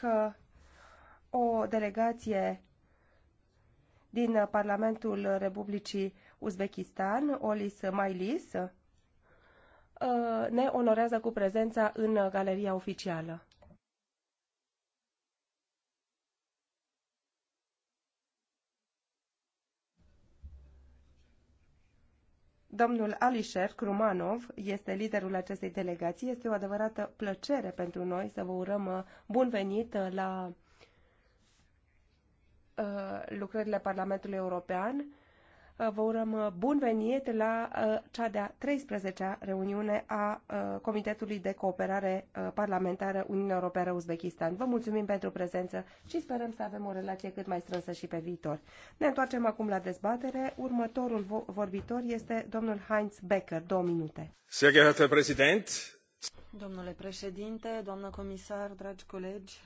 că o delegație din Parlamentul Republicii Uzbekistan, Olis Mailis, uh, ne onorează cu prezența în galeria oficială. Domnul Alisher Krumanov este liderul acestei delegații. Este o adevărată plăcere pentru noi să vă urăm uh, bun venit uh, la uh, lucrările Parlamentului European Uh, vă urăm uh, bun venit la uh, cea de-a 13-a reuniune a Comitetului de Cooperare Parlamentară Uniunea Europeană Uzbekistan. Vă mulțumim pentru prezență și sperăm să avem o relație cât mai strânsă și pe viitor. Ne întoarcem acum la dezbatere. Următorul vorbitor este domnul Heinz Becker. Două minute. Sehr geehrter Präsident, Domnule președinte, doamnă comisar, dragi colegi,